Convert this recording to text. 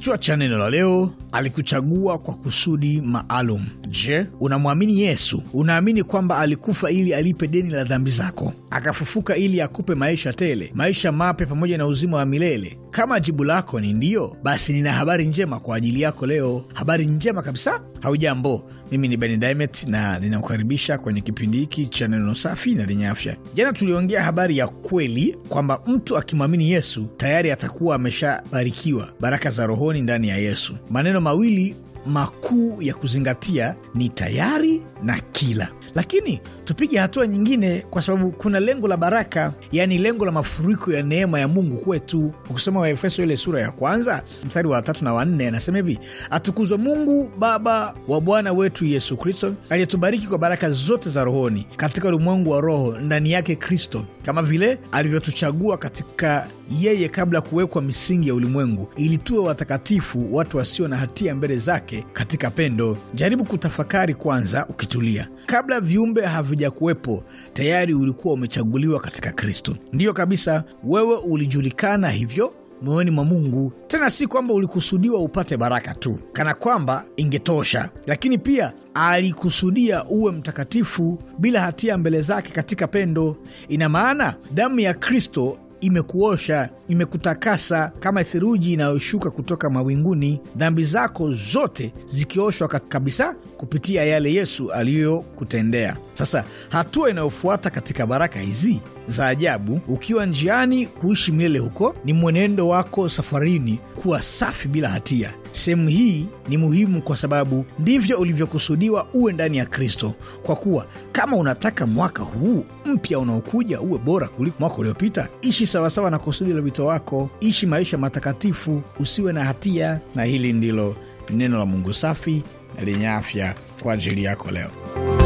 Quechua Channel, Leo alikuchagua kwa kusudi maalum. Je, unamwamini Yesu? Unaamini kwamba alikufa ili alipe deni la dhambi zako, akafufuka ili akupe maisha tele, maisha mapya pamoja na uzima wa milele? Kama jibu lako ni ndiyo, basi nina habari njema kwa ajili yako leo, habari njema kabisa. Haujambo, mimi ni Ben Dimet na ninakukaribisha kwenye kipindi hiki cha neno safi na lenye afya. Jana tuliongea habari ya kweli kwamba mtu akimwamini Yesu tayari atakuwa ameshabarikiwa baraka za rohoni ndani ya Yesu. Maneno mawili makuu ya kuzingatia ni tayari na kila. Lakini tupige hatua nyingine, kwa sababu kuna lengo la baraka, yaani lengo la mafuriko ya neema ya Mungu kwetu. Ukisoma Waefeso ile sura ya kwanza mstari wa tatu na wanne, anasema hivi: atukuzwe Mungu Baba wa Bwana wetu Yesu Kristo, aliyetubariki kwa baraka zote za rohoni katika ulimwengu wa roho ndani yake Kristo, kama vile alivyotuchagua katika yeye kabla ya kuwekwa misingi ya ulimwengu, ili tuwe watakatifu, watu wasio na hatia mbele zake yake katika pendo. Jaribu kutafakari kwanza ukitulia. Kabla viumbe havijakuwepo, tayari ulikuwa umechaguliwa katika Kristo. Ndiyo kabisa, wewe ulijulikana hivyo moyoni mwa Mungu. Tena si kwamba ulikusudiwa upate baraka tu, kana kwamba ingetosha, lakini pia alikusudia uwe mtakatifu bila hatia mbele zake katika pendo. Ina maana damu ya Kristo imekuosha imekutakasa kama theruji inayoshuka kutoka mawinguni, dhambi zako zote zikioshwa kabisa kupitia yale Yesu aliyokutendea. Sasa hatua inayofuata katika baraka hizi za ajabu, ukiwa njiani kuishi milele huko, ni mwenendo wako safarini kuwa safi bila hatia. Sehemu hii ni muhimu kwa sababu ndivyo ulivyokusudiwa uwe ndani ya Kristo, kwa kuwa kama unataka mwaka huu mpya unaokuja uwe bora kuliko mwaka uliopita, ishi sawasawa na kusudi la mtoto wako, ishi maisha matakatifu, usiwe na hatia. Na hili ndilo neno la Mungu safi na lenye afya kwa ajili yako leo.